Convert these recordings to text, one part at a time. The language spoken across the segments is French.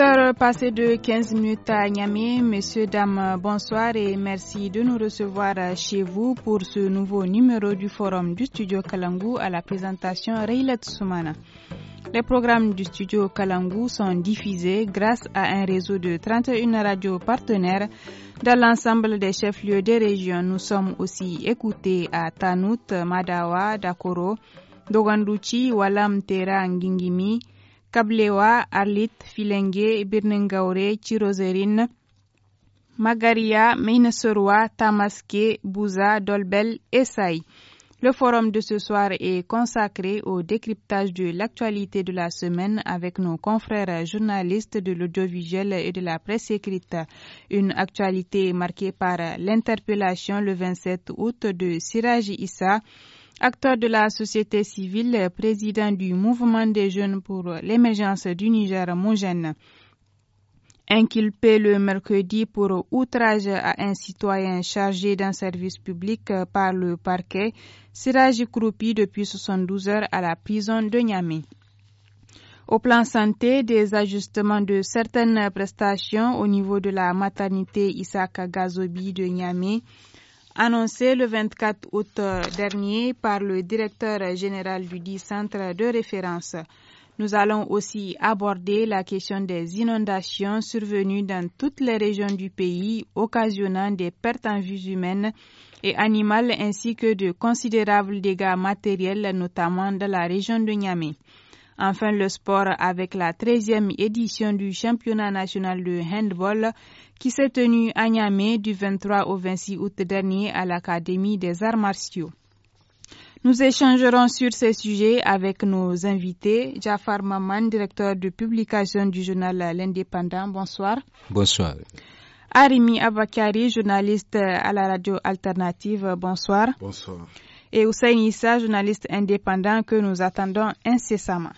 heures passées de 15 minutes à Niamey. Messieurs, dames, bonsoir et merci de nous recevoir chez vous pour ce nouveau numéro du Forum du Studio Kalangu à la présentation Reilat Soumana. Les programmes du Studio Kalangu sont diffusés grâce à un réseau de 31 radios partenaires dans l'ensemble des chefs-lieux des régions. Nous sommes aussi écoutés à Tanout, Madawa, Dakoro, Doganduchi, Walam, Tera, Ngingimi, kablewa arlit filengue birningawre roserine magaria Soroa, Tamaske, bouza dolbel et le forum de ce soir est consacré au décryptage de l'actualité de la semaine avec nos confrères journalistes de l'audiovisuel et de la presse écrite. Une actualité marquée par l'interpellation le 27 août de Siraj Issa, Acteur de la société civile, président du mouvement des jeunes pour l'émergence du Niger mogène inculpé le mercredi pour outrage à un citoyen chargé d'un service public par le parquet, Siraj Kroupi depuis 72 heures à la prison de Niamey. Au plan santé, des ajustements de certaines prestations au niveau de la maternité Isaka Gazobi de Niamey Annoncé le 24 août euh, dernier par le directeur général du dit centre de référence. Nous allons aussi aborder la question des inondations survenues dans toutes les régions du pays, occasionnant des pertes en vue humaines et animales ainsi que de considérables dégâts matériels, notamment dans la région de Niamey. Enfin, le sport avec la 13e édition du championnat national de handball qui s'est tenu à Niamey du 23 au 26 août dernier à l'Académie des arts martiaux. Nous échangerons sur ces sujets avec nos invités. Jafar Maman, directeur de publication du journal L'Indépendant. Bonsoir. Bonsoir. Arimi Abakari, journaliste à la radio alternative. Bonsoir. Bonsoir. Et Hussein Issa, journaliste indépendant que nous attendons incessamment.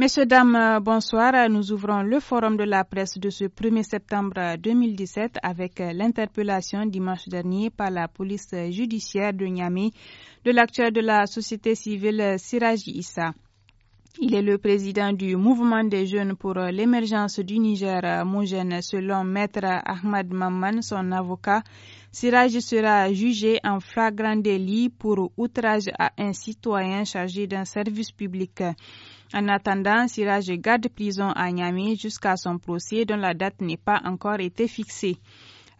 Messieurs, dames, euh, bonsoir. Nous ouvrons le forum de la presse de ce 1er septembre 2017 avec euh, l'interpellation dimanche dernier par la police judiciaire de Niamey de l'acteur de la société civile euh, Siraj Issa. Il est le président du mouvement des jeunes pour l'émergence du Niger, Moujène, selon maître Ahmad Mamman, son avocat. Siraj sera jugé en flagrant délit pour outrage à un citoyen chargé d'un service public. En attendant, Siraj garde prison à Niamey jusqu'à son procès dont la date n'est pas encore été fixée.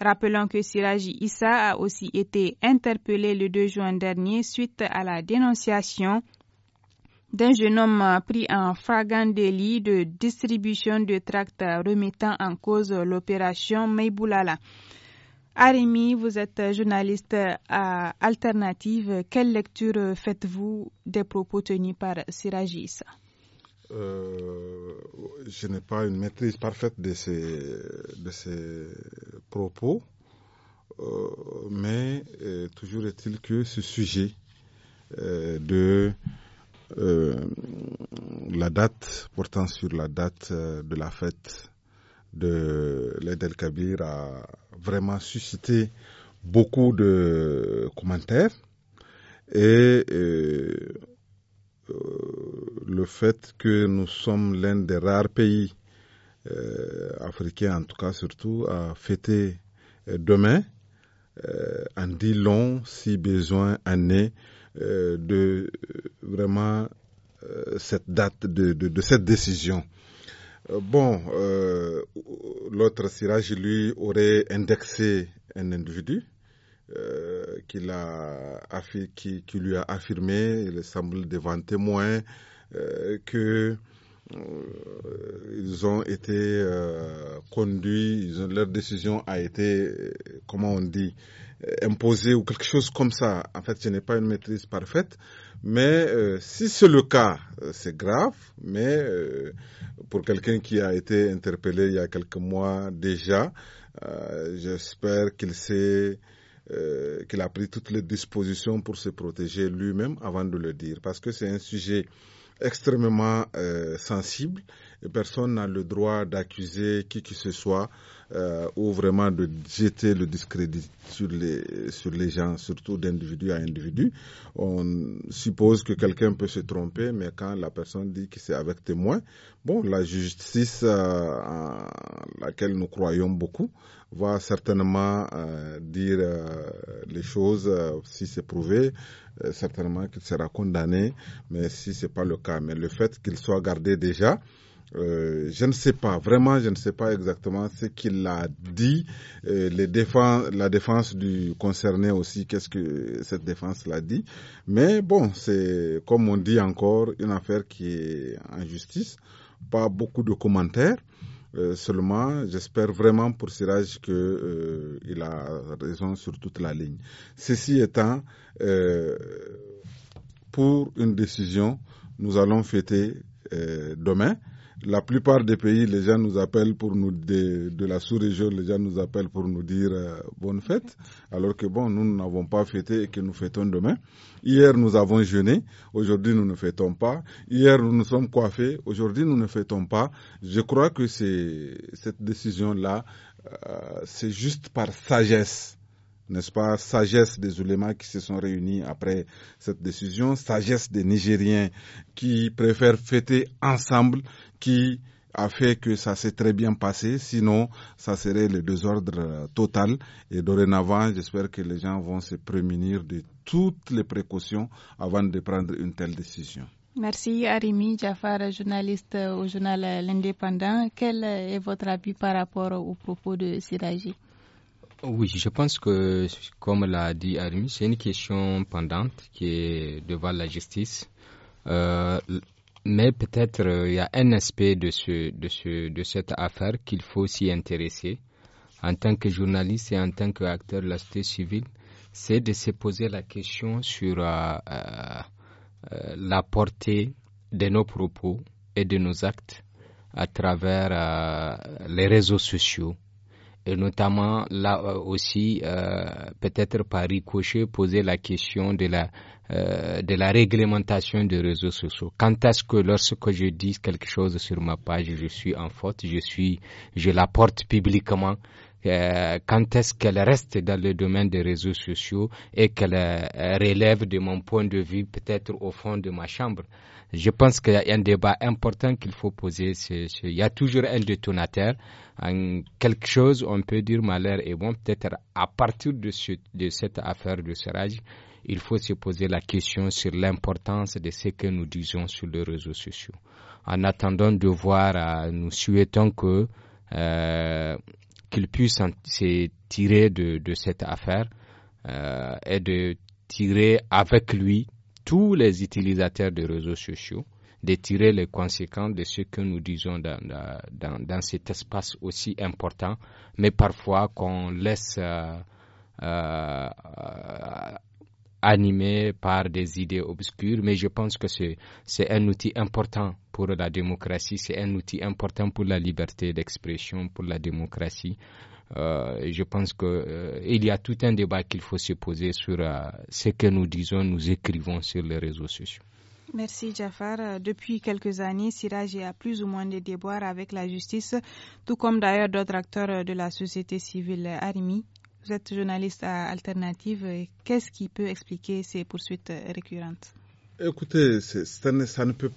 Rappelons que Siraj Issa a aussi été interpellé le 2 juin dernier suite à la dénonciation d'un jeune homme pris en flagrant délit de distribution de tracts remettant en cause l'opération Meiboulala. Arimi, vous êtes journaliste à Alternative. Quelle lecture faites-vous des propos tenus par Siraj Issa? Euh, je n'ai pas une maîtrise parfaite de ces, de ces propos, euh, mais euh, toujours est-il que ce sujet de la date, portant sur la date de la fête de l'Aïd kabir a vraiment suscité beaucoup de commentaires. Et euh, le fait que nous sommes l'un des rares pays euh, africains, en tout cas surtout, à fêter euh, demain euh, en dit long, si besoin, année, de vraiment cette date, de, cette décision. Bon, l'autre sirage, lui, aurait indexé un individu euh, qu'il a, qui, qui, lui a affirmé, il semble devant témoin, euh, que euh, ils ont été euh, conduits, ont, leur décision a été, euh, comment on dit, imposée ou quelque chose comme ça. En fait, ce n'est pas une maîtrise parfaite, mais si c'est le cas, c'est grave, mais euh, pour quelqu'un qui a été interpellé il y a quelques mois déjà, j'espère qu'il sait euh, qu'il a pris toutes les dispositions pour se protéger lui-même avant de le dire, parce que c'est un sujet extrêmement euh, sensible et personne n'a le droit d'accuser qui que ce soit euh, ou vraiment de jeter le discrédit sur les, sur les gens, surtout d'individu à individu. On suppose que quelqu'un peut se tromper, mais quand la personne dit que c'est avec témoin, bon, la justice euh, à laquelle nous croyons beaucoup va certainement euh, dire euh, les choses si c'est prouvé certainement qu'il sera condamné mais si ce n'est pas le cas mais le fait qu'il soit gardé déjà euh, je ne sais pas, vraiment, je ne sais pas exactement ce qu'il a dit. Euh, les la défense du concerné aussi, qu'est-ce que cette défense l'a dit. Mais bon, c'est, comme on dit encore, une affaire qui est en justice. Pas beaucoup de commentaires. Euh, seulement, j'espère vraiment pour Siraj qu'il a raison sur toute la ligne. Ceci étant, pour une décision, nous allons fêter demain la plupart des pays, les gens nous appellent pour nous, de, la sous-région, les gens nous appellent pour nous dire euh, bonne fête, alors que bon, nous n'avons pas fêté et que nous fêtons demain. Hier, nous avons jeûné, aujourd'hui, nous ne fêtons pas. Hier, nous nous sommes coiffés, aujourd'hui, nous ne fêtons pas. Je crois que c'est cette décision-là, euh, c'est juste par sagesse n'est-ce pas, sagesse des oulémas qui se sont réunis après cette décision, sagesse des Nigériens qui préfèrent fêter ensemble qui a fait que ça s'est très bien passé. Sinon, ça serait le désordre total. Et dorénavant, j'espère que les gens vont se prémunir de toutes les précautions avant de prendre une telle décision. Merci Arimi Jafar, journaliste au journal L'Indépendant. Quel est votre avis par rapport aux propos de Siraji Oui, je pense que, comme l'a dit Arimi, c'est une question pendante qui est devant la justice. Euh, mais peut-être euh, il y a un aspect de, ce, de, ce, de cette affaire qu'il faut aussi intéresser en tant que journaliste et en tant qu'acteur de la société civile, c'est de se poser la question sur euh, euh, la portée de nos propos et de nos actes à travers les réseaux sociaux et notamment là euh, aussi euh, peut-être par ricochet poser la question de la euh, de la réglementation des réseaux sociaux. Quand est ce que lorsque je dis quelque chose sur ma page, je suis en faute, je suis je la porte publiquement. quand est-ce qu'elle reste dans le domaine des réseaux sociaux et qu'elle relève de mon point de vue peut-être au fond de ma chambre je pense qu'il y a un débat important qu'il faut poser. il y a toujours un détonateur. quelque chose, on peut dire malheur et bon. Peut-être à partir de, ce, de cette affaire de serrage, il faut se poser la question sur l'importance de ce que nous disons sur les réseaux sociaux. En attendant de voir, euh, nous souhaitons que euh, qu'il puisse se tirer de, de cette affaire euh, et de tirer avec lui tous les utilisateurs de réseaux sociaux de tirer les conséquences de ce que nous disons dans, cet espace aussi important, mais parfois qu'on laisse euh, euh, animé par des idées obscures, mais je pense que c'est un outil important pour la démocratie, c'est un outil important pour la liberté d'expression, pour la démocratie. Euh, je pense que euh, il y a tout un débat qu'il faut se poser sur euh, ce que nous disons, nous écrivons sur les réseaux sociaux. Merci Jafar. Depuis quelques années, Siraj a plus ou moins des déboires avec la justice, tout comme d'ailleurs d'autres acteurs de la société civile Arimi. Vous êtes journaliste à Alternative. Qu'est-ce qui peut expliquer ces poursuites récurrentes Écoutez, ça ne, peut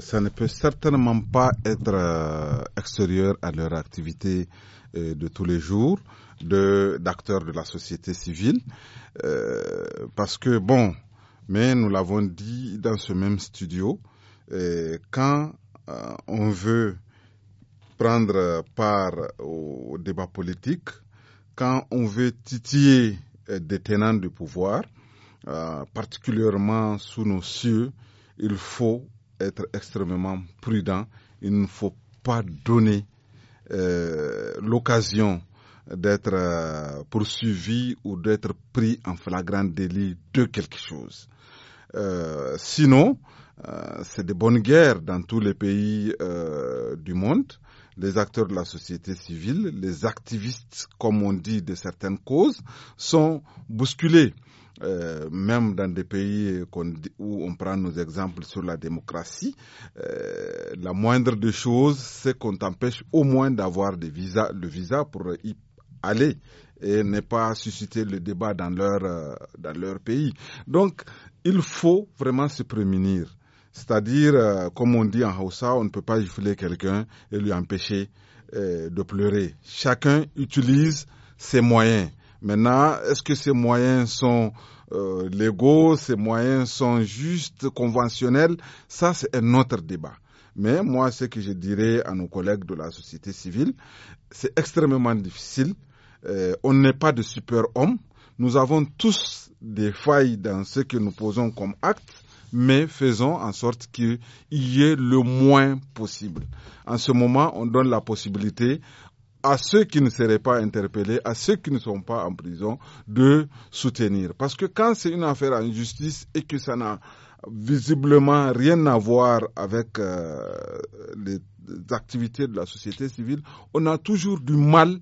ça ne peut certainement pas être extérieur à leur activité euh, de tous les jours, d'acteurs de, la société civile, euh, parce que bon, mais nous l'avons dit dans ce même studio, euh, quand on veut prendre part au débat politique, quand on veut titiller des tenants du pouvoir, particulièrement sous nos cieux, il faut être extrêmement prudent. Il ne faut pas donner euh, l'occasion d'être euh, poursuivi ou d'être pris en flagrant délit de quelque chose. Euh, sinon, c'est des bonnes guerres dans tous les pays du monde. Les acteurs de la société civile, les activistes, comme on dit, de certaines causes, sont bousculés. Euh, même dans des pays où on prend nos exemples sur la démocratie, euh, la moindre des choses, c'est qu'on t'empêche au moins d'avoir des visas, le visa pour y aller et ne pas susciter le débat dans leur, euh, dans leur pays. Donc, il faut vraiment se prémunir. C'est-à-dire, comme on dit en Hausa, on ne peut pas gifler quelqu'un et lui empêcher de pleurer. Chacun utilise ses moyens. Maintenant, est-ce que ces moyens sont euh, légaux, ces moyens sont justes, conventionnels Ça, c'est un autre débat. Mais moi, ce que je dirais à nos collègues de la société civile, c'est extrêmement difficile. Euh, on n'est pas de super-hommes. Nous avons tous des failles dans ce que nous posons comme acte mais faisons en sorte qu'il y ait le moins possible. En ce moment, on donne la possibilité à ceux qui ne seraient pas interpellés, à ceux qui ne sont pas en prison, de soutenir. Parce que quand c'est une affaire en justice et que ça n'a visiblement rien à voir avec euh, les activités de la société civile, on a toujours du mal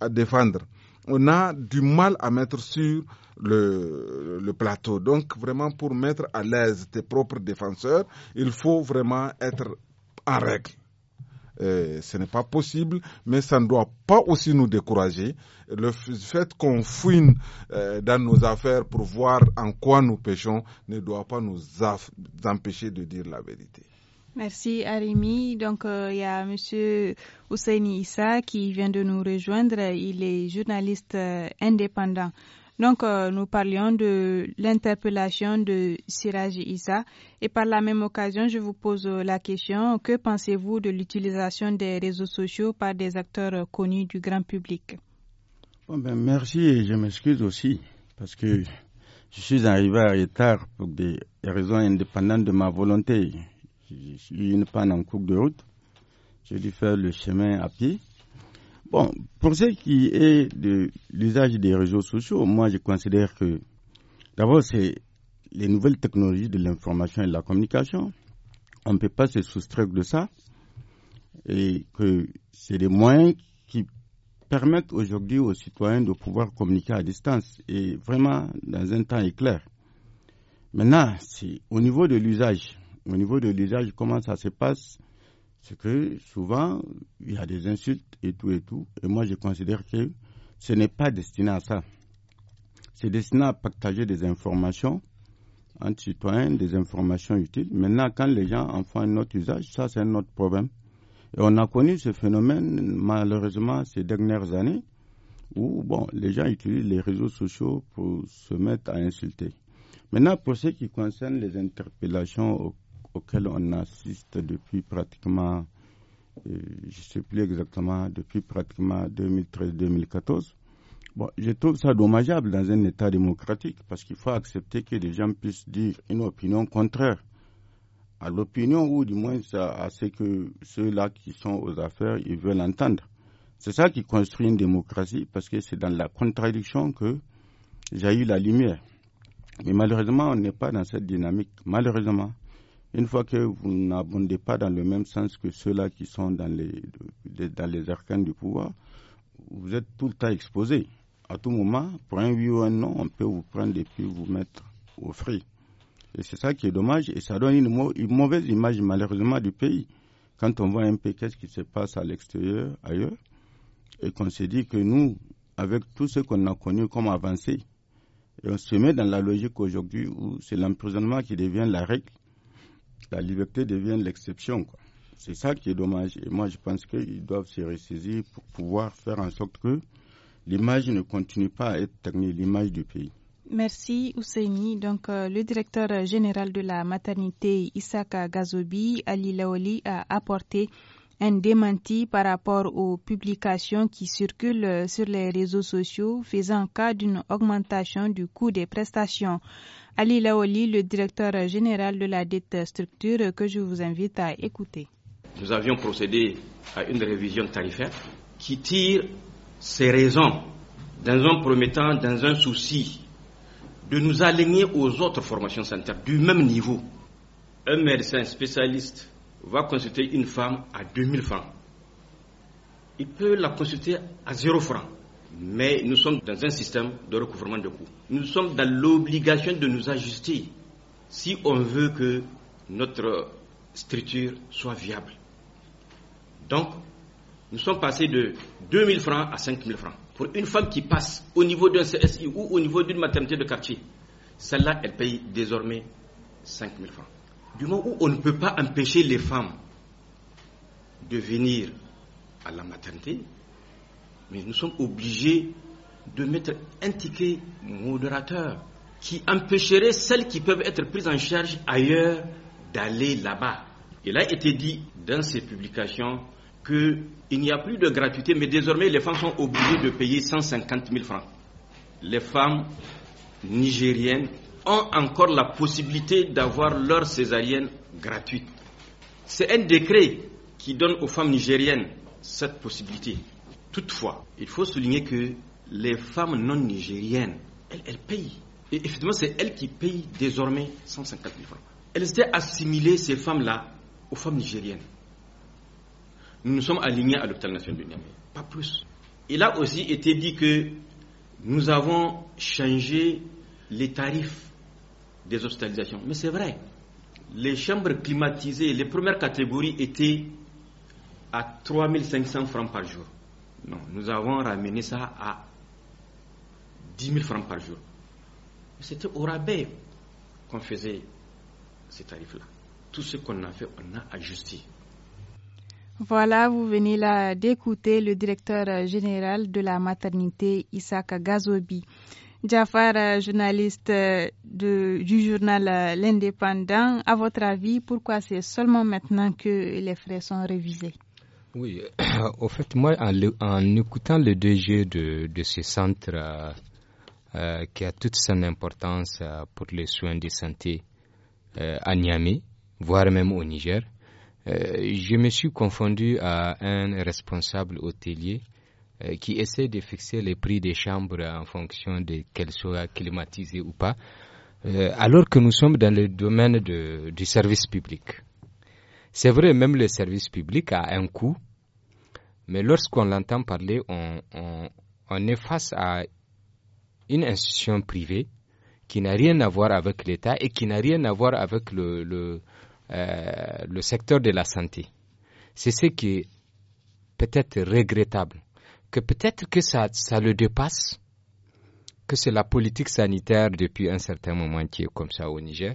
à défendre. On a du mal à mettre sur le, le, plateau. Donc vraiment pour mettre à l'aise tes propres défenseurs, il faut vraiment être en règle. Euh, ce n'est pas possible, mais ça ne doit pas aussi nous décourager. Le fait qu'on fouine euh, dans nos affaires pour voir en quoi nous pêchons ne doit pas nous empêcher de dire la vérité. Merci Arimi. Donc euh, il y a M. Hussein Issa qui vient de nous rejoindre. Il est journaliste indépendant. Donc, euh, nous parlions de l'interpellation de Siraj Issa. Et par la même occasion, je vous pose la question, que pensez-vous de l'utilisation des réseaux sociaux par des acteurs connus du grand public bon ben, Merci et je m'excuse aussi, parce que je suis arrivé à retard pour des raisons indépendantes de ma volonté. Je eu une panne en cours de route. J'ai dû faire le chemin à pied. Bon, pour ce qui est de l'usage des réseaux sociaux, moi je considère que d'abord c'est les nouvelles technologies de l'information et de la communication. On ne peut pas se soustraire de ça et que c'est des moyens qui permettent aujourd'hui aux citoyens de pouvoir communiquer à distance et vraiment dans un temps éclair. Maintenant, au niveau de l'usage, au niveau de l'usage, comment ça se passe c'est que souvent, il y a des insultes et tout et tout. Et moi, je considère que ce n'est pas destiné à ça. C'est destiné à partager des informations entre citoyens, des informations utiles. Maintenant, quand les gens en font un autre usage, ça, c'est un autre problème. Et on a connu ce phénomène, malheureusement, ces dernières années, où, bon, les gens utilisent les réseaux sociaux pour se mettre à insulter. Maintenant, pour ce qui concerne les interpellations au auquel on assiste depuis pratiquement, euh, je ne sais plus exactement, depuis pratiquement 2013-2014. Bon, je trouve ça dommageable dans un État démocratique parce qu'il faut accepter que les gens puissent dire une opinion contraire à l'opinion ou du moins à, ce que ceux-là qui sont aux affaires, ils veulent entendre. C'est ça qui construit une démocratie parce que c'est dans la contradiction que j'ai eu la lumière. Mais malheureusement, on n'est pas dans cette dynamique. Malheureusement, une fois que vous n'abondez pas dans le même sens que ceux-là qui sont dans les, dans les arcanes du pouvoir, vous êtes tout le temps exposé. À tout moment, pour un oui ou un non, on peut vous prendre et puis vous mettre au frais. Et c'est ça qui est dommage et ça donne une, mauvaise image malheureusement du pays. Quand on voit un peu qu'est-ce qui se passe à l'extérieur, ailleurs, et qu'on se dit que nous, avec tout ce qu'on a connu comme avancé, et on se met dans la logique aujourd'hui où c'est l'emprisonnement qui devient la règle, la liberté devient l'exception. C'est ça qui est dommage. Et moi, je pense qu'ils doivent se ressaisir pour pouvoir faire en sorte que l'image ne continue pas à être ternie, l'image du pays. Merci Ousseini. Donc, euh, le directeur général de la maternité Isaka Gazobi, Ali Laoli, a apporté un démenti par rapport aux publications qui circulent euh, sur les réseaux sociaux faisant cas d'une augmentation du coût des prestations. Ali Laoli, le directeur général de la dette structure que je vous invite à écouter. Nous avions procédé à une révision tarifaire qui tire ses raisons, dans un premier temps, dans un souci de nous aligner aux autres formations sanitaires du même niveau. Un médecin spécialiste va consulter une femme à 2000 francs. Il peut la consulter à 0 francs. Mais nous sommes dans un système de recouvrement de coûts. Nous sommes dans l'obligation de nous ajuster si on veut que notre structure soit viable. Donc, nous sommes passés de 2000 francs à 5000 francs. Pour une femme qui passe au niveau d'un CSI ou au niveau d'une maternité de quartier, celle-là, elle paye désormais 5000 francs du moment où on ne peut pas empêcher les femmes de venir à la maternité, mais nous sommes obligés de mettre un ticket modérateur qui empêcherait celles qui peuvent être prises en charge ailleurs d'aller là-bas. Il a été dit dans ces publications qu'il n'y a plus de gratuité, mais désormais les femmes sont obligées de payer 150 000 francs. Les femmes nigériennes ont encore la possibilité d'avoir leur césarienne gratuite. C'est un décret qui donne aux femmes nigériennes cette possibilité. Toutefois, il faut souligner que les femmes non nigériennes, elles, payent. Et effectivement, c'est elles qui payent désormais 150 000 francs. Elles étaient assimilées, ces femmes-là, aux femmes nigériennes. Nous nous sommes alignés à l'hôpital national de Niamey, pas plus. Il a aussi été dit que nous avons changé les tarifs des hospitalisations. Mais c'est vrai, les chambres climatisées, les premières catégories étaient à 3500 francs par jour. Non, nous avons ramené ça à 10 000 francs par jour. C'était au rabais qu'on faisait ces tarifs-là. Tout ce qu'on a fait, on a ajusté. Voilà, vous venez là d'écouter le directeur euh, général de la maternité, Isaac Gazobi. Jafar, euh, journaliste euh, du journal euh, L'Indépendant, à votre avis, pourquoi c'est seulement maintenant que les frais sont révisés Oui, au fait, moi, en, écoutant le DG de, ce centre qui a toute son importance pour les soins de santé à Niamey, voire même au Niger, je me suis confondu à un responsable hôtelier euh, qui essaie de fixer les prix des chambres en fonction de qu'elles soient climatisées ou pas, euh, alors que nous sommes dans le domaine du service public. C'est vrai, même le service public a un coût, mais lorsqu'on l'entend parler, on, est face à une institution privée qui n'a rien à voir avec l'État et qui n'a rien à voir avec le euh, secteur de la santé. C'est ce qui est peut-être regrettable que peut-être que ça, le dépasse, que c'est la politique sanitaire depuis un certain moment qui est comme ça au Niger,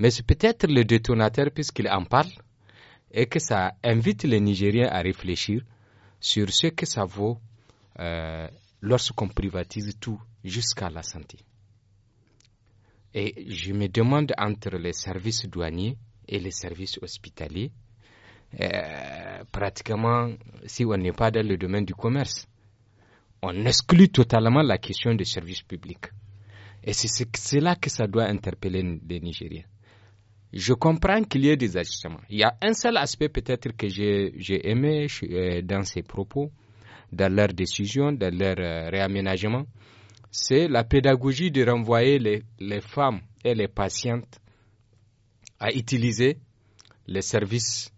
mais c'est peut-être le détonateur puisqu'il en parle et que ça invite les Nigériens à réfléchir sur ce que ça vaut euh, lorsqu'on privatise tout jusqu'à la santé. Et je me demande entre les services douaniers et les services hospitaliers, euh, pratiquement si on n'est pas dans le domaine du commerce on exclut totalement la question des services publics. Et c'est là que ça doit interpeller les Nigériens. Je comprends qu'il y ait des ajustements. Il y a un seul aspect peut-être que j'ai aimé euh, dans ces propos, dans leurs décisions, dans leur euh, réaménagement, c'est la pédagogie de renvoyer les, femmes et les patientes à utiliser les services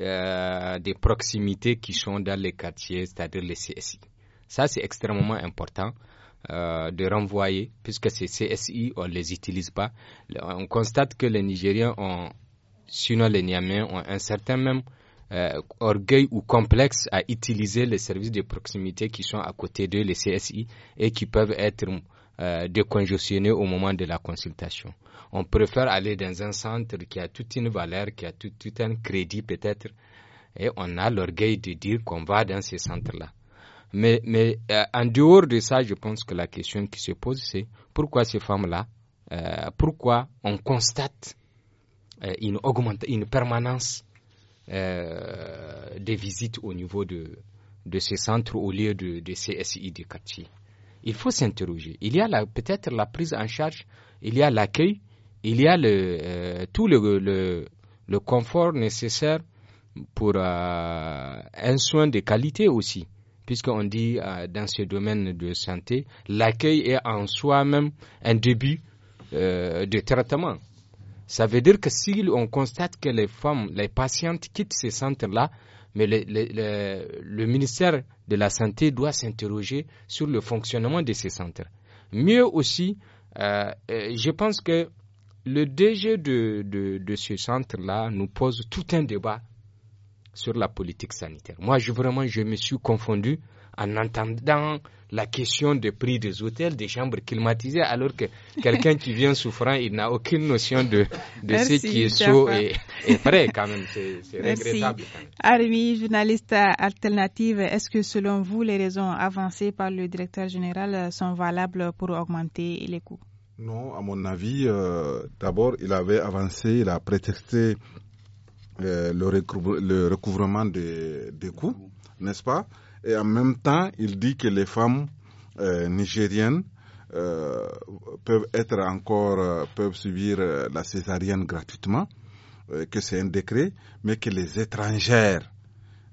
euh, de proximité qui sont dans les quartiers, c'est-à-dire les CSI. Ça, c'est extrêmement important. Euh, de renvoyer, puisque ces CSI, on ne les utilise pas. On constate que les Nigériens ont, sinon les Niamiens, ont un certain même euh, orgueil ou complexe à utiliser les services de proximité qui sont à côté de les CSI, et qui peuvent être euh, au moment de la consultation. On préfère aller dans un centre qui a toute une valeur, qui a tout, tout un crédit peut-être, et on a l'orgueil de dire qu'on va dans ces centres-là. Mais, mais euh, en dehors de ça, je pense que la question qui se pose, c'est pourquoi ces femmes-là, euh, pourquoi on constate euh, une une, une permanence des visites au niveau de, de ces centres au lieu de, de CSI des quartiers Il faut s'interroger. Il y a peut-être la prise en charge, il y a l'accueil, il y a le, tout le, le, confort nécessaire pour un soin de qualité aussi puisqu'on dit euh, dans ce domaine de santé, l'accueil est en soi-même un début euh, de traitement. Ça veut dire que si on constate que les femmes, les patientes quittent ces centres-là, mais le, ministère de la Santé doit s'interroger sur le fonctionnement de ces centres. Mieux aussi, euh, je pense que le DG de, de ce centre-là nous pose tout un débat sur la politique sanitaire. Moi, je, vraiment, je me suis confondu en entendant la question des prix des hôtels, des chambres climatisées, alors que quelqu'un qui vient souffrant, il n'a aucune notion de, de ce qui est chaud et, et, quand même. C'est regrettable. Armi, journaliste alternative, est-ce que selon vous, les raisons avancées par le directeur général sont valables pour augmenter les coûts non, à mon avis, euh, d'abord, il avait avancé, il a prétexté le, recouvrement des, des coûts, n'est-ce pas Et en même temps, il dit que les femmes euh, nigériennes euh, peuvent être encore, euh, peuvent subir euh, la césarienne gratuitement, que c'est un décret, mais que les étrangères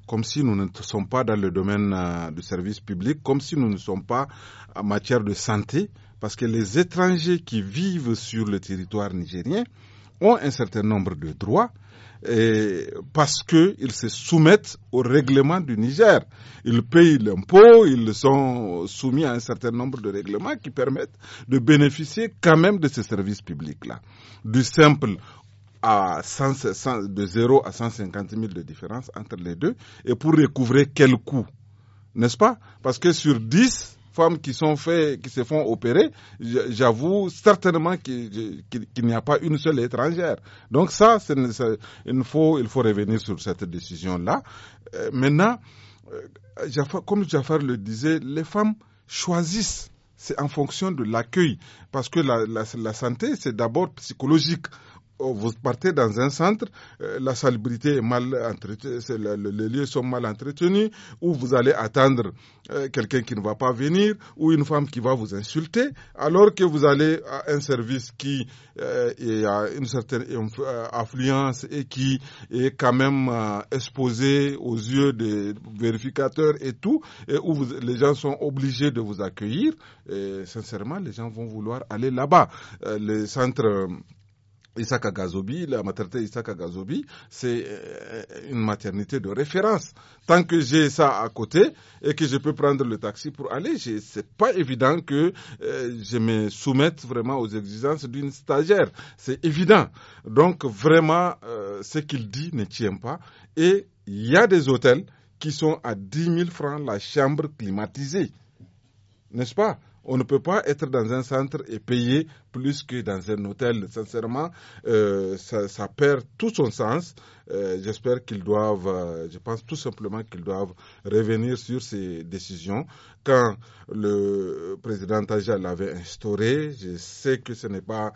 comme si nous ne sommes pas dans le domaine du service public, comme si nous ne sommes pas en matière de santé, parce que les étrangers qui vivent sur le territoire nigérien, ont un certain nombre de droits et parce qu'ils se soumettent au règlement du Niger. Ils payent l'impôt, ils sont soumis à un certain nombre de règlements qui permettent de bénéficier quand même de ces services publics-là. Du simple à de 0 à 150 000 de différence entre les deux et pour recouvrer quel coût, n'est-ce pas Parce que sur 10, femmes qui sont fait, qui se font opérer, j'avoue certainement qu'il n'y a pas une seule étrangère. Donc ça, il, faut, il faut revenir sur cette décision-là. Euh, maintenant, euh, comme Jafar le disait, les femmes choisissent c'est en fonction de l'accueil. Parce que la santé, c'est d'abord psychologique. Oh, vous partez dans un centre, euh, la salubrité est mal entretenue, les lieux sont mal entretenus, où vous allez attendre euh, quelqu'un qui ne va pas venir, ou une femme qui va vous insulter, alors que vous allez à un service qui a euh, une certaine affluence et qui est quand même exposé aux yeux des vérificateurs et tout, et où les gens sont obligés de vous accueillir, et sincèrement, les gens vont vouloir aller là-bas. les centres Isaka Gazobi, la maternité Isaka Gazobi, c'est euh, une maternité de référence. Tant que j'ai ça à côté et que je peux prendre le taxi pour aller, ce n'est pas évident que euh, je me soumette vraiment aux exigences d'une stagiaire. C'est évident. Donc vraiment, euh, ce qu'il dit ne tient pas. Et il y a des hôtels qui sont à 10 000 francs la chambre climatisée. N'est-ce pas on ne peut pas être dans un centre et payer plus que dans un hôtel. Sincèrement, euh, ça, perd tout son sens. Euh, j'espère qu'ils doivent, euh, je pense tout simplement qu'ils doivent revenir sur ces décisions. Quand le président Taja l'avait instauré, je sais que ce n'est pas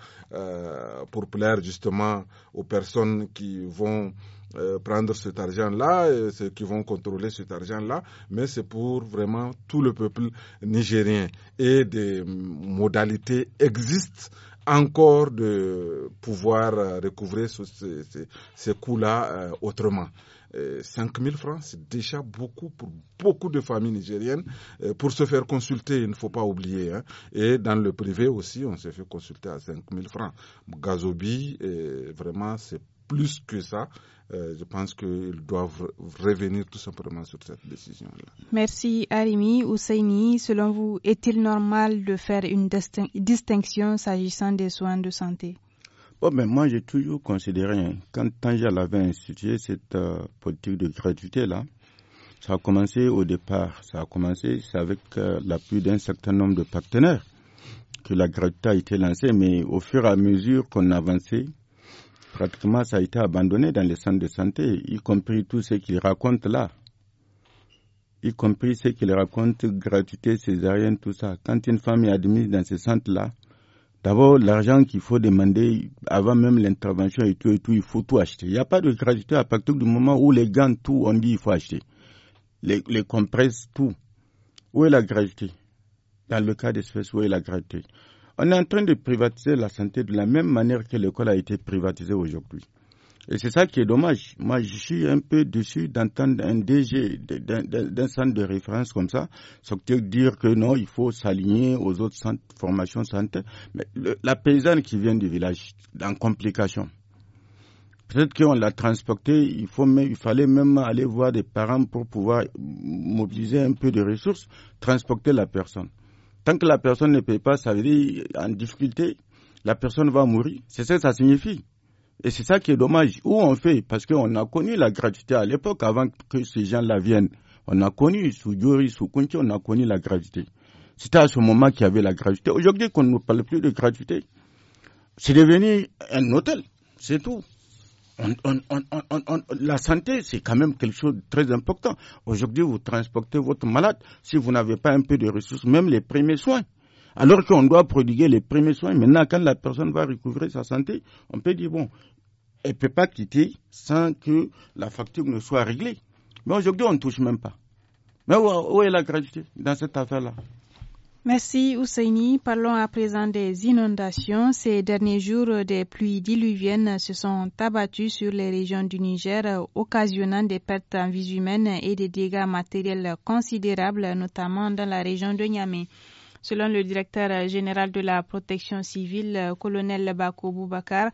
pour plaire justement aux personnes qui vont euh, prendre cet argent-là, euh, ceux qui vont contrôler cet argent-là, mais c'est pour vraiment tout le peuple nigérien. Et des modalités existent encore de pouvoir euh, recouvrer ce, ce, ce, ces coûts-là autrement. 5 francs, c'est déjà beaucoup pour beaucoup de familles nigériennes. Pour se faire consulter, il ne faut pas oublier. Hein. Et dans le privé aussi, on se fait consulter à 5 000 francs. Gazobi, vraiment, c'est plus que ça, euh, je pense qu'ils doivent revenir tout simplement sur cette décision-là. Merci Arimi. Ousseini, selon vous, est-il normal de faire une distinction s'agissant des soins de santé Moi, j'ai toujours considéré, hein, quand Tangel avait institué cette euh, politique de gratuité-là, ça a commencé au départ, ça a commencé avec euh, l'appui d'un certain nombre de partenaires que la gratuité a été lancée, mais au fur et à mesure qu'on avançait, pratiquement, ça a été abandonné dans les centres de santé, y compris tout ce qu'ils racontent là. Y compris ce qu'ils racontent, gratuité, césarienne, tout ça. Quand une femme est admise dans ces centres-là, d'abord, l'argent qu'il faut demander avant même l'intervention et tout il faut tout acheter. Il n'y a pas de gratuité à partir du moment où les gants, tout, on dit qu'il faut acheter. Les, compresses, tout. Où est la gratuité Dans le cas d'espèce, où est la gratuité on est en train de privatiser la santé de la même manière que l'école a été privatisée aujourd'hui. Et c'est ça qui est dommage. Moi, je suis un peu déçu d'entendre un DG d'un centre de référence comme ça, sortir dire que non, il faut s'aligner aux autres centres, formations santé. Mais la paysanne qui vient du village, dans complication. Peut-être qu'on l'a transporté, il, faut, il fallait même aller voir des parents pour pouvoir mobiliser un peu de ressources, transporter la personne. Tant que la personne ne paye pas, ça veut dire en difficulté, la personne va mourir. C'est ça que ça signifie. Et c'est ça qui est dommage. Où on fait Parce qu'on a connu la gratuité à l'époque avant que ces gens-là viennent. On a connu sous Yuri, sous Kunti, on a connu la gratuité. C'était à ce moment qu'il y avait la gratuité. Aujourd'hui qu'on ne parle plus de gratuité, c'est devenu un hôtel. C'est tout la santé, c'est quand même quelque chose de très important. Aujourd'hui, vous transportez votre malade si vous n'avez pas un peu de ressources, même les premiers soins. Alors qu'on doit prodiguer les premiers soins, maintenant, quand la personne va recouvrer sa santé, on peut dire, bon, elle ne peut pas quitter sans que la facture ne soit réglée. Mais aujourd'hui, on ne touche même pas. Mais où, est la gratuité dans cette affaire-là Merci Ousseini. Parlons à présent des inondations. Ces derniers jours, des pluies diluviennes se sont abattues sur les régions du Niger, occasionnant des pertes en vies humaines et des dégâts matériels considérables, notamment dans la région de Niamey. Selon le directeur général de la protection civile, colonel Bako Boubacar,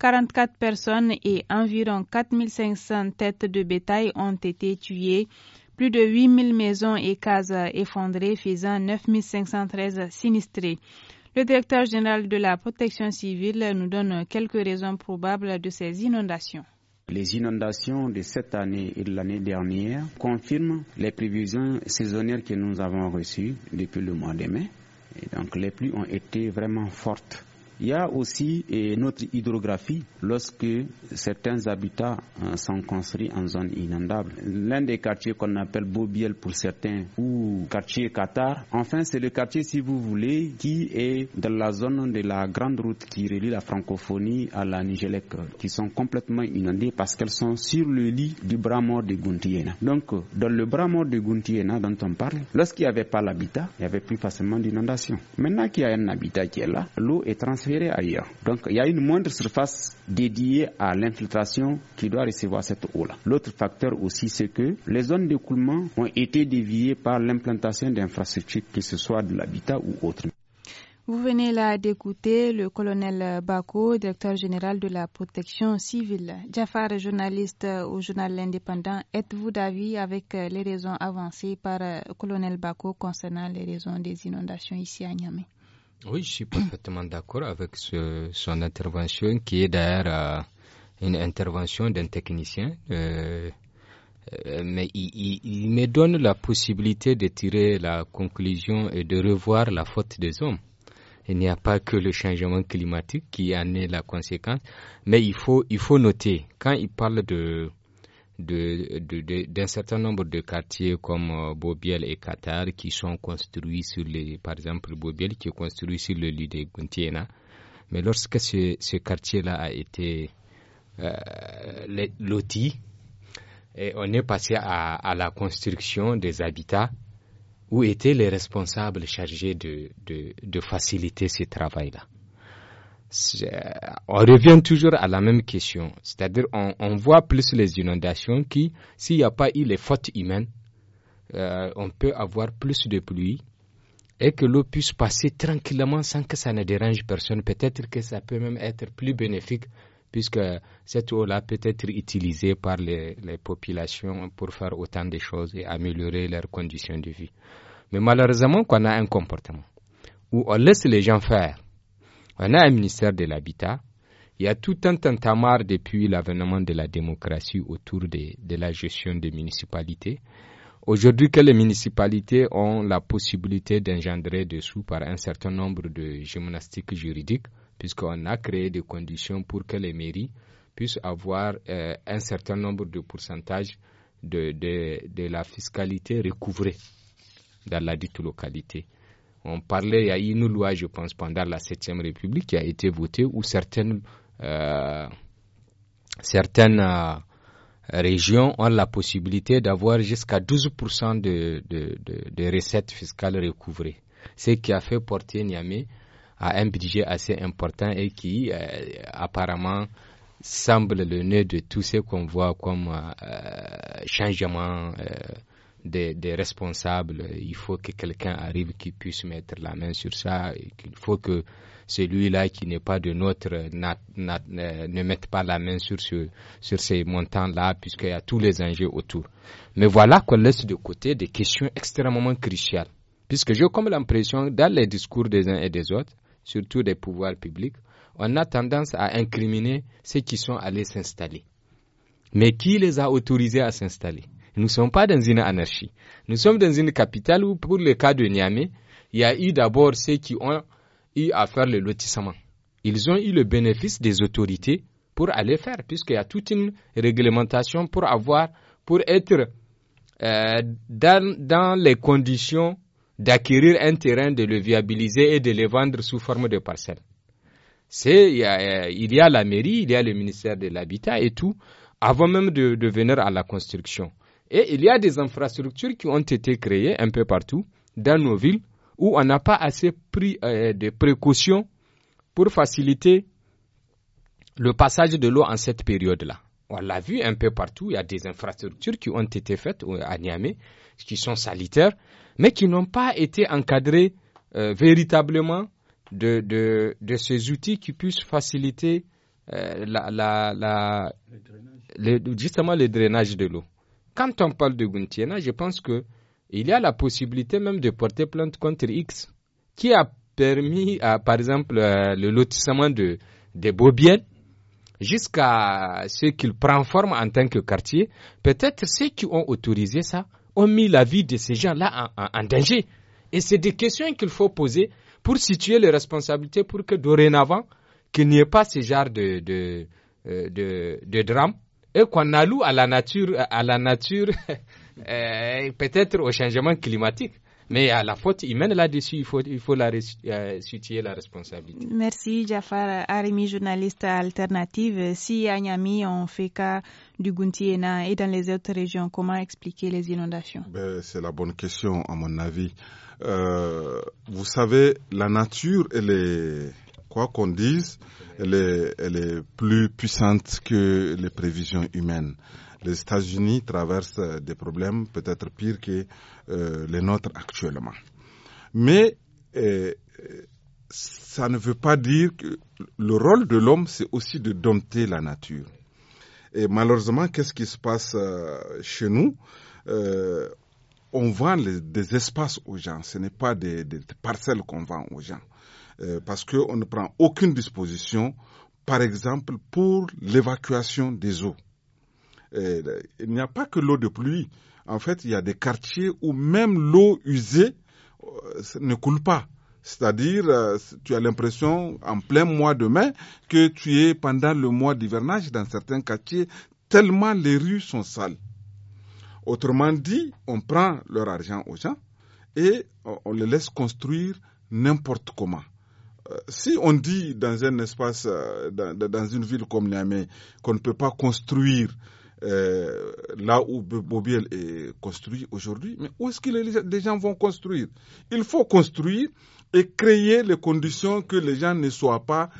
44 personnes et environ 4500 têtes de bétail ont été tuées plus de 8000 maisons et cases effondrées, faisant 9513 sinistrés. Le directeur général de la protection civile nous donne quelques raisons probables de ces inondations. Les inondations de cette année et de l'année dernière confirment les prévisions saisonnières que nous avons reçues depuis le mois de mai. donc les pluies ont été vraiment fortes il y a aussi eh, notre hydrographie lorsque certains habitats euh, sont construits en zone inondable. L'un des quartiers qu'on appelle Bobiel pour certains ou quartier Qatar, enfin c'est le quartier si vous voulez qui est dans la zone de la grande route qui relie la francophonie à la Nigélec euh, qui sont complètement inondés parce qu'elles sont sur le lit du bras mort de Guntiena. Donc euh, dans le bras mort de Guntiena dont on parle, lorsqu'il n'y avait pas l'habitat, il y avait plus facilement d'inondation. Maintenant qu'il y a un habitat qui est là, l'eau est transférée donc il y a une moindre surface dédiée à l'infiltration qui doit recevoir cette eau-là. L'autre facteur aussi, c'est que les zones d'écoulement ont été déviées par l'implantation d'infrastructures, que ce soit de l'habitat ou autre. Vous venez là d'écouter le colonel Bako, directeur général de la protection civile. Jafar, journaliste au journal Indépendant, êtes-vous d'avis avec les raisons avancées par le euh, colonel Bako concernant les raisons des inondations ici à Niamey oui, je suis parfaitement d'accord avec son intervention qui est d'ailleurs euh, une intervention d'un technicien. Euh, euh, mais il, me donne la possibilité de tirer la conclusion et de revoir la faute des hommes. Il n'y a pas que le changement climatique qui en est la conséquence, mais il faut, il faut noter, quand il parle de d'un de, certain nombre de quartiers comme euh, Bobiel et Qatar qui sont construits sur les, par exemple, Bobiel qui est construit sur le lieu de Guntiena. Mais lorsque ce, quartier-là a été euh, loti, et on est passé à, la construction des habitats où étaient les responsables chargés de, de faciliter ce travail-là. Euh, on revient toujours à la même question. C'est-à-dire, on, voit plus les inondations qui, s'il n'y a pas eu les fautes humaines, euh, on peut avoir plus de pluie et que l'eau puisse passer tranquillement sans que ça ne dérange personne. Peut-être que ça peut même être plus bénéfique puisque cette eau-là peut être utilisée par les, les, populations pour faire autant de choses et améliorer leurs conditions de vie. Mais malheureusement, qu'on a un comportement où on laisse les gens faire on a un ministère de l'Habitat. Il y a tout un tintamarre depuis l'avènement de la démocratie autour de, la gestion des municipalités. Aujourd'hui que les municipalités ont la possibilité d'engendrer dessous par un certain nombre de gymnastiques juridiques, puisqu'on a créé des conditions pour que les mairies puissent avoir euh, un certain nombre de pourcentages de, de, la fiscalité recouvrée dans la dite localité. On parlait, il y a une loi, je pense, pendant la 7 République qui a été votée où certaines, euh, certaines euh, régions ont la possibilité d'avoir jusqu'à 12% de, de, recettes fiscales recouvrées. Ce qui a fait porter Niamey à un budget assez important et qui, euh, apparemment, semble le nez de tout ce qu'on voit comme changement des, responsables. Il faut que quelqu'un arrive qui puisse mettre la main sur ça. il faut que celui-là qui n'est pas de notre euh, ne mette pas la main sur, ce, sur ces montants-là, puisqu'il y a tous les enjeux autour. Mais voilà qu'on laisse de côté des questions extrêmement cruciales. Puisque j'ai comme l'impression, dans les discours des uns et des autres, surtout des pouvoirs publics, on a tendance à incriminer ceux qui sont allés s'installer. Mais qui les a autorisés à s'installer nous ne sommes pas dans une anarchie. Nous sommes dans une capitale où, pour le cas de Niamey, il y a eu d'abord ceux qui ont eu à faire le lotissement. Ils ont eu le bénéfice des autorités pour aller faire, puisqu'il y a toute une réglementation pour avoir, pour être euh, dans, les conditions d'acquérir un terrain, de le viabiliser et de le vendre sous forme de parcelle. Euh, il y, a, la mairie, il y a le ministère de l'Habitat et tout, avant même de venir à la construction. Et il y a des infrastructures qui ont été créées un peu partout dans nos villes où on n'a pas assez pris euh, de précautions pour faciliter le passage de l'eau en cette période-là. On l'a vu un peu partout, il y a des infrastructures qui ont été faites euh, à Niamey, qui sont salitaires, mais qui n'ont pas été encadrées euh, véritablement de, de, de, ces outils qui puissent faciliter la, la, justement le drainage de l'eau. Quand on parle de Guntiena, je pense que il y a la possibilité même de porter plainte contre X, qui a permis, par exemple, euh, le lotissement de, des beaux jusqu'à ce qu'il prend forme en tant que quartier. Peut-être ceux qui ont autorisé ça ont mis la vie de ces gens-là en, danger. Et c'est des questions qu'il faut poser pour situer les responsabilités pour que dorénavant, qu'il n'y ait pas ce genre de, de, euh, de, de drame et qu'on alloue à la nature, à la nature euh, peut-être au changement climatique. Mais à la faute humaine là-dessus, il faut, il faut la euh, la responsabilité. Merci Jafar Arimi, journaliste alternative. Si à Nyami, on fait cas du Guntiena et dans les autres régions, comment expliquer les inondations ben, C'est la bonne question à mon avis. Euh, vous savez, la nature, elle est, quoi qu'on dise, elle est, elle est plus puissante que les prévisions humaines les États-Unis traversent des problèmes peut-être pires que euh, les nôtres actuellement. Mais euh, ça ne veut pas dire que le rôle de l'homme, c'est aussi de dompter la nature. Et malheureusement, qu'est-ce qui se passe euh, chez nous On vend des espaces aux gens, ce n'est pas des parcelles qu'on vend aux gens. Euh, parce qu'on ne prend aucune disposition, par exemple, pour l'évacuation des eaux. Euh, il n'y a pas que l'eau de pluie. En fait, il y a des quartiers où même l'eau usée euh, ne coule pas. C'est-à-dire, tu as l'impression, en plein mois de mai, que tu es pendant le mois d'hivernage dans certains quartiers, tellement les rues sont sales. Autrement dit, on prend leur argent aux gens et on les laisse construire n'importe comment si on dit dans un espace, euh, dans, une ville comme Niamey, qu'on ne peut pas construire euh, là où Bobiel est construit aujourd'hui, mais où est-ce que les, gens vont construire Il faut construire et créer les conditions que les gens ne soient pas,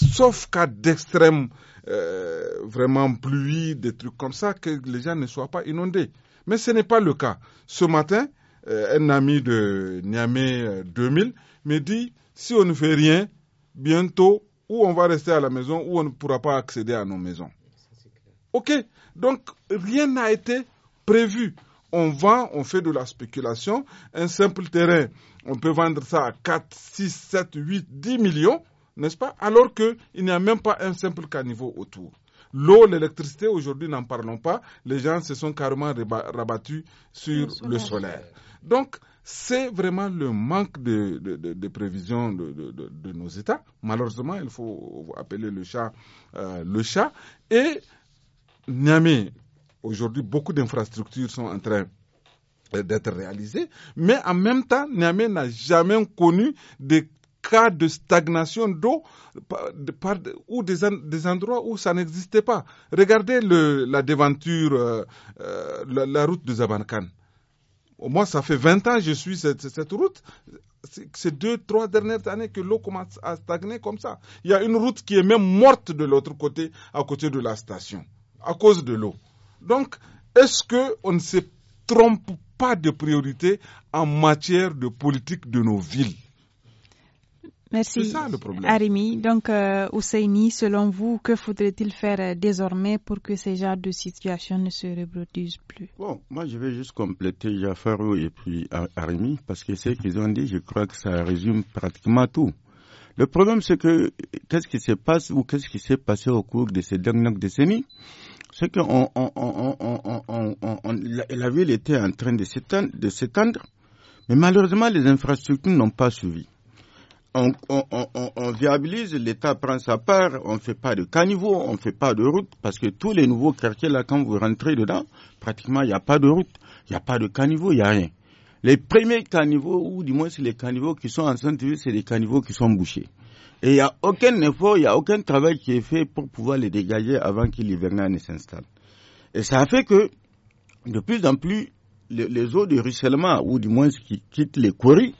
sauf cas d'extrême, euh, vraiment pluie, des trucs comme ça, que les gens ne soient pas inondés. Mais ce n'est pas le cas. Ce matin, un ami de Niamey 2000 me dit si on ne fait rien, bientôt, ou on va rester à la maison, ou on ne pourra pas accéder à nos maisons. OK Donc, rien n'a été prévu. On vend, on fait de la spéculation. Un simple terrain, on peut vendre ça à 4, 6, 7, 8, 10 millions, n'est-ce pas Alors qu'il n'y a même pas un simple caniveau autour. L'eau, l'électricité, aujourd'hui, n'en parlons pas. Les gens se sont carrément rabattus sur le Le solaire. Donc, c'est vraiment le manque de, de, prévision de, nos États. Malheureusement, il faut appeler le chat euh, le chat. Et Niamey, aujourd'hui, beaucoup d'infrastructures sont en train euh, d'être réalisées, mais en même temps, Niamey n'a jamais connu des cas de stagnation d'eau ou des, endroits où ça n'existait pas. Regardez le, la déventure, euh, la, la, route de Zabankan moi, ça fait 20 ans que je suis cette, cette route. Ces deux, trois dernières années que l'eau commence à stagner comme ça. Il y a une route qui est même morte de l'autre côté, à côté de la station, à cause de l'eau. Donc, est-ce qu'on ne se trompe pas de priorité en matière de politique de nos villes Merci. C'est Arimi, donc euh, selon vous, que faudrait-il faire euh, désormais pour que ces genres de situation ne se reproduisent plus Bon, moi je vais juste compléter Jafarou et puis Arimi, parce que ce qu'ils ont dit, je crois que ça résume pratiquement tout. Le problème, c'est que qu'est-ce qui se passe ou qu'est-ce qui s'est passé au cours de ces dernières décennies C'est que la, la ville était en train de s'étendre, mais malheureusement, les infrastructures n'ont pas suivi on, on, on, viabilise, l'État prend sa part, on ne fait pas de caniveau, on ne fait pas de route, parce que tous les nouveaux quartiers, là, quand vous rentrez dedans, pratiquement, il n'y a pas de route, il n'y a pas de caniveau, il n'y a rien. Les premiers caniveaux, ou du moins c'est les caniveaux qui sont en centre-ville, c'est les caniveaux qui sont bouchés. Et il n'y a aucun effort, il n'y a aucun travail qui est fait pour pouvoir les dégager avant qu'il l'hivernal ne s'installe. Et ça a fait que, de plus en plus, les, eaux de ruissellement, ou du moins ce qui quittent les quarries,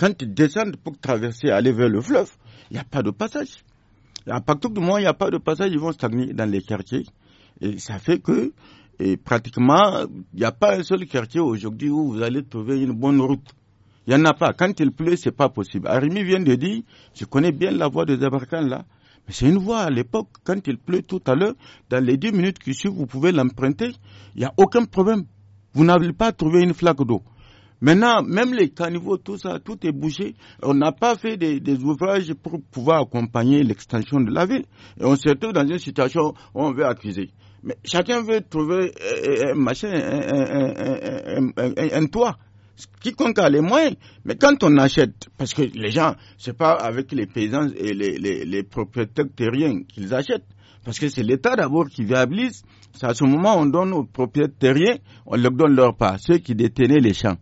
quand ils descendent pour traverser, aller vers le fleuve, il n'y a pas de passage. À partir du moment où il n'y a pas de passage, ils vont stagner dans les quartiers. Et ça fait que pratiquement, il n'y a pas un seul quartier aujourd'hui où vous allez trouver une bonne route. Il n'y en a pas. Quand il pleut, ce n'est pas possible. Arimi vient de dire, je connais bien la voie des abarcans là. Mais c'est une voie à l'époque, quand il pleut tout à l'heure, dans les 10 minutes qui suivent, vous pouvez l'emprunter. Il n'y a aucun problème. Vous n'avez pas trouvé une flaque d'eau. Maintenant, même les caniveaux, tout ça, tout est bouché. On n'a pas fait des, ouvrages pour pouvoir accompagner l'extension de la ville. Et on se retrouve dans une situation où on veut accuser. Mais chacun veut trouver euh, euh, un machin, un, un, un, toit quiconque a les moyens. Mais quand on achète, parce que les gens, c'est pas avec les paysans et les, propriétaires terriens qu'ils achètent. Parce que c'est l'État d'abord qui viabilise. C'est à ce moment on donne aux propriétaires terriens, on leur donne leur part, ceux qui détenaient les champs.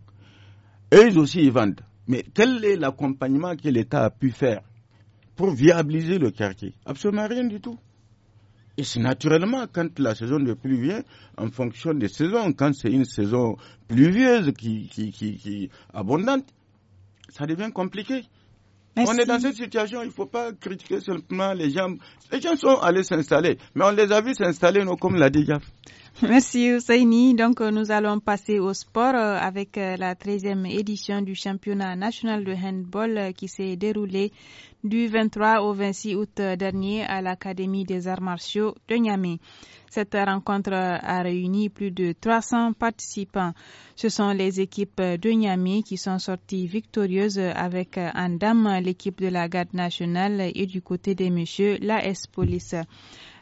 Eux aussi, ils vendent. Mais quel est l'accompagnement que l'État a pu faire pour viabiliser le quartier Absolument rien du tout. Et c'est naturellement quand la saison de pluie en fonction des saisons, quand c'est une saison pluvieuse qui, qui, qui, abondante, ça devient compliqué. On est dans cette situation, il ne faut pas critiquer simplement les gens. Les gens sont allés s'installer, mais on les a vus s'installer, nous, comme l'a dit Merci Ousaini. Donc euh, nous allons passer au sport euh, avec euh, la 13e édition du championnat national de handball qui s'est déroulée du 23 au 26 août dernier à l'Académie des arts martiaux de Niamey. Cette rencontre a réuni plus de 300 participants. Ce sont les équipes de Niamey qui sont sorties victorieuses avec en l'équipe de la garde nationale et du côté des messieurs la s Police.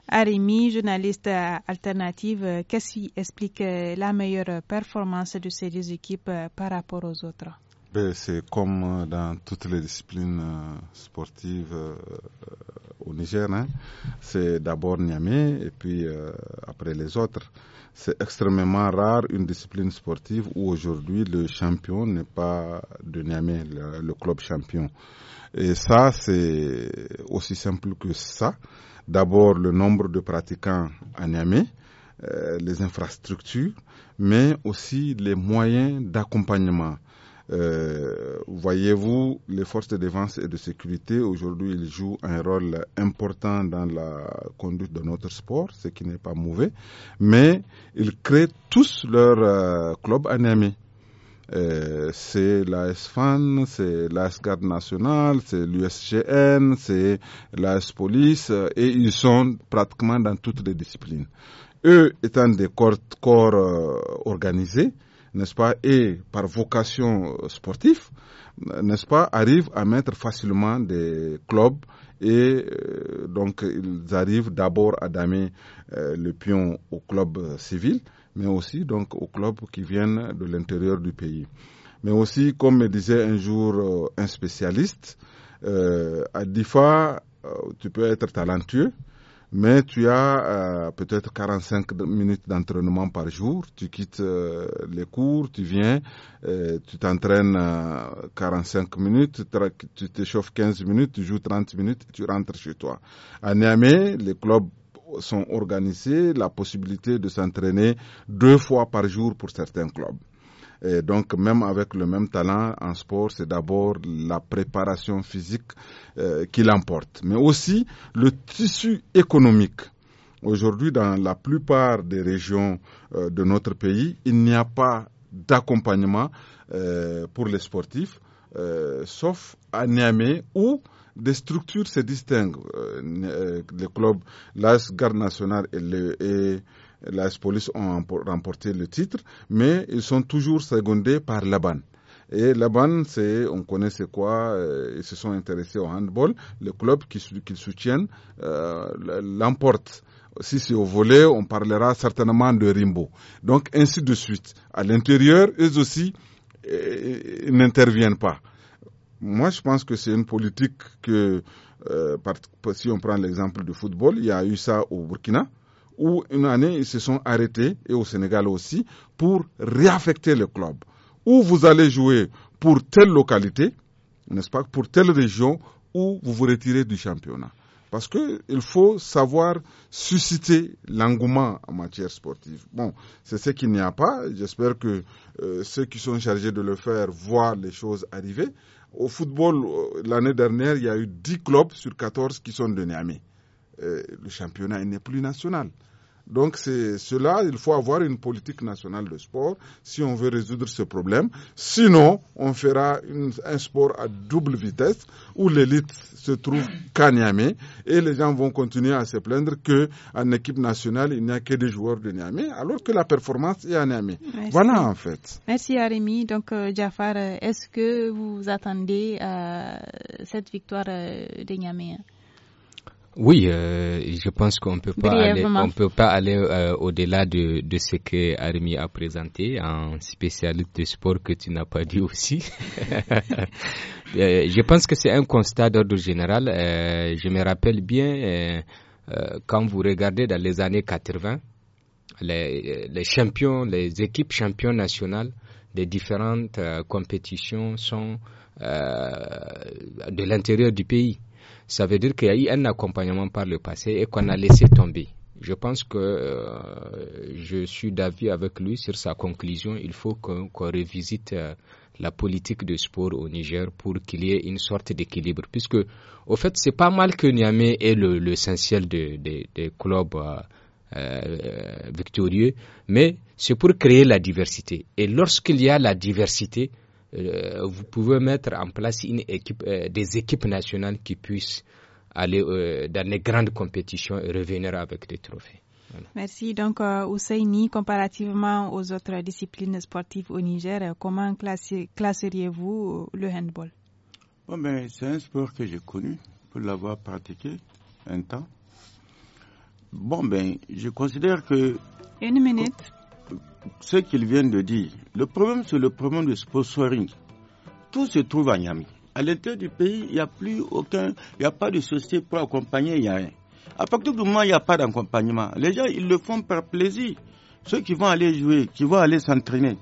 Arimi, journaliste euh, alternative, euh, qu'est-ce qui explique euh, la meilleure performance de ces deux équipes par rapport aux autres ben, C'est comme dans toutes les disciplines sportives au Niger. Hein. C'est d'abord Niamey et puis après les autres. C'est extrêmement rare une discipline sportive où aujourd'hui le champion n'est pas de Niamey, le club champion. Et ça, c'est aussi simple que ça. D'abord, le nombre de pratiquants à Niamey, euh, les infrastructures, mais aussi les moyens d'accompagnement. Euh, Voyez-vous, les forces de défense et de sécurité, aujourd'hui, ils jouent un rôle important dans la conduite de notre sport, ce qui n'est pas mauvais, mais ils créent tous leur euh, clubs club Niamey. Euh, c'est l'ASFAN, c'est l'AS Garde nationale, c'est l'USGN, c'est l'AS Police, et ils sont pratiquement dans toutes les disciplines. Eux étant des corps, corps euh, organisés, n'est-ce pas, et par vocation euh, sportive, n'est-ce pas, arrivent à mettre facilement des clubs et euh, donc ils arrivent d'abord à damer le pion au club civil mais aussi donc aux clubs qui viennent de l'intérieur du pays. Mais aussi, comme me disait un jour euh, un spécialiste, euh, à fois euh, tu peux être talentueux, mais tu as euh, peut-être 45 minutes d'entraînement par jour, tu quittes les cours, tu viens, tu t'entraînes 45 minutes, tu t'échauffes 15 minutes, tu joues 30 minutes, tu rentres chez toi. À Niamey, les clubs sont organisés, la possibilité de s'entraîner deux fois par jour pour certains clubs. donc, même avec le même talent en sport, c'est d'abord la préparation physique euh, qui l'emporte, mais aussi le tissu économique. Aujourd'hui, dans la plupart des régions euh, de notre pays, il n'y a pas d'accompagnement euh, pour les sportifs, sauf à Niamey ou des structures se distinguent. Euh, euh, le les clubs, l'AS Garde nationale et, l'AS Police ont remporté le titre, mais ils sont toujours secondés par l'ABAN. Et l'ABAN, c'est, on connaît c'est quoi, euh, ils se sont intéressés au handball. Le club qu'ils soutiennent euh, l'emporte si c'est au volet, on parlera certainement de RIMBO. Donc ainsi de suite. À l'intérieur, eux aussi, ils n'interviennent pas. Moi, je pense que c'est une politique que, euh, si on prend l'exemple du football, il y a eu ça au Burkina, où une année, ils se sont arrêtés, et au Sénégal aussi, pour réaffecter le club. Où vous allez jouer pour telle localité, n'est-ce pas, pour telle région, où vous vous retirez du championnat. Parce qu'il faut savoir susciter l'engouement en matière sportive. Bon, c'est ce qu'il n'y a pas. J'espère que euh, ceux qui sont chargés de le faire voient les choses arriver. Au football, euh, l'année dernière, il y a eu 10 clubs sur 14 qui sont de Niamey. Euh, le championnat n'est plus national. Donc c'est cela, il faut avoir une politique nationale de sport si on veut résoudre ce problème. Sinon, on fera un sport à double vitesse où l'élite se trouve qu'à Niamey et les gens vont continuer à se plaindre que en équipe nationale il n'y a que des joueurs de Niamey alors que la performance est à Niamey. Voilà en fait. Merci Arémi. Donc euh, Jafar, euh, est-ce que vous attendez euh, cette victoire de Niamey? Oui, euh, je pense qu'on peut pas aller, on peut pas aller euh, au-delà de, de ce que Armi a présenté en spécialiste de sport que tu n'as pas dit aussi. Euh, je pense que c'est un constat d'ordre général. je me rappelle bien quand vous regardez dans les années 80 les, les champions, les équipes champions nationales des différentes compétitions sont de l'intérieur du pays ça veut dire qu'il y a eu un accompagnement par le passé et qu'on a laissé tomber. Je pense que euh, je suis d'avis avec lui sur sa conclusion. Il faut qu'on revisite euh, la politique de sport au Niger pour qu'il y ait une sorte d'équilibre. Puisque, au fait, c'est pas mal que Niamey est l'essentiel le, des de, de clubs euh, victorieux, mais c'est pour créer la diversité. Et lorsqu'il y a la diversité, euh, vous pouvez mettre en place une équipe, euh, des équipes nationales qui puissent aller euh, dans les grandes compétitions et revenir avec des trophées. Merci. Donc, Ousseini, comparativement aux autres disciplines sportives au Niger, comment classeriez-vous le handball oh, bon, C'est un sport que j'ai connu pour l'avoir pratiqué un temps. Bon, ben, je considère que. Une minute ce qu'ils viennent de dire. Le problème, c'est le problème du sponsoring. Tout se trouve à Niamey. À l'intérieur du pays, il n'y a plus aucun, il n'y a pas de société pour accompagner, il À partir du moment où il n'y a pas d'accompagnement, les gens, ils le font par plaisir. Ceux qui vont aller jouer, qui vont aller s'entraîner,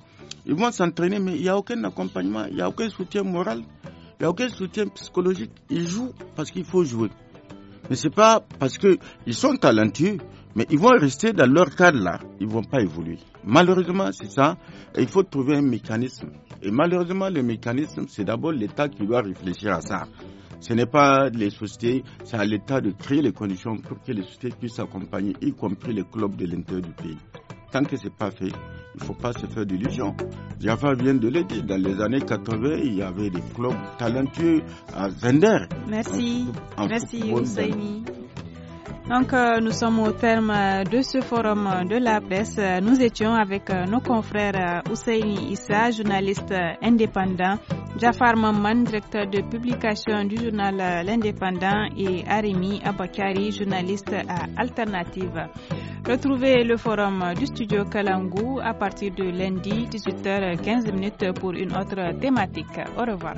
ils vont s'entraîner, mais il n'y a aucun accompagnement, il n'y a aucun soutien moral, il n'y a aucun soutien psychologique. Ils jouent parce qu'il faut jouer. Mais ce n'est pas parce qu'ils sont talentueux mais ils vont rester dans leur cadre là, ils ne vont pas évoluer. Malheureusement, c'est ça. Il faut trouver un mécanisme. Et malheureusement, le mécanisme, c'est d'abord l'État qui doit réfléchir à ça. Ce n'est pas les sociétés, c'est à l'État de créer les conditions pour que les sociétés puissent accompagner, y compris les clubs de l'intérieur du pays. Tant que ce n'est pas fait, il ne faut pas se faire d'illusions. Jaffa vient de le dire, dans les années 80, il y avait des clubs talentueux à Zender. Merci, merci donc, euh, nous sommes au terme euh, de ce forum euh, de la presse. Nous étions avec nos confrères Ousseini Issa, journaliste indépendant, Jafar Mamman, directeur de publication du journal L'Indépendant, et Arimi Abakari, journaliste à Alternative. Retrouvez le forum du studio Kalangu à partir de lundi 18h15 pour une autre thématique. Au revoir.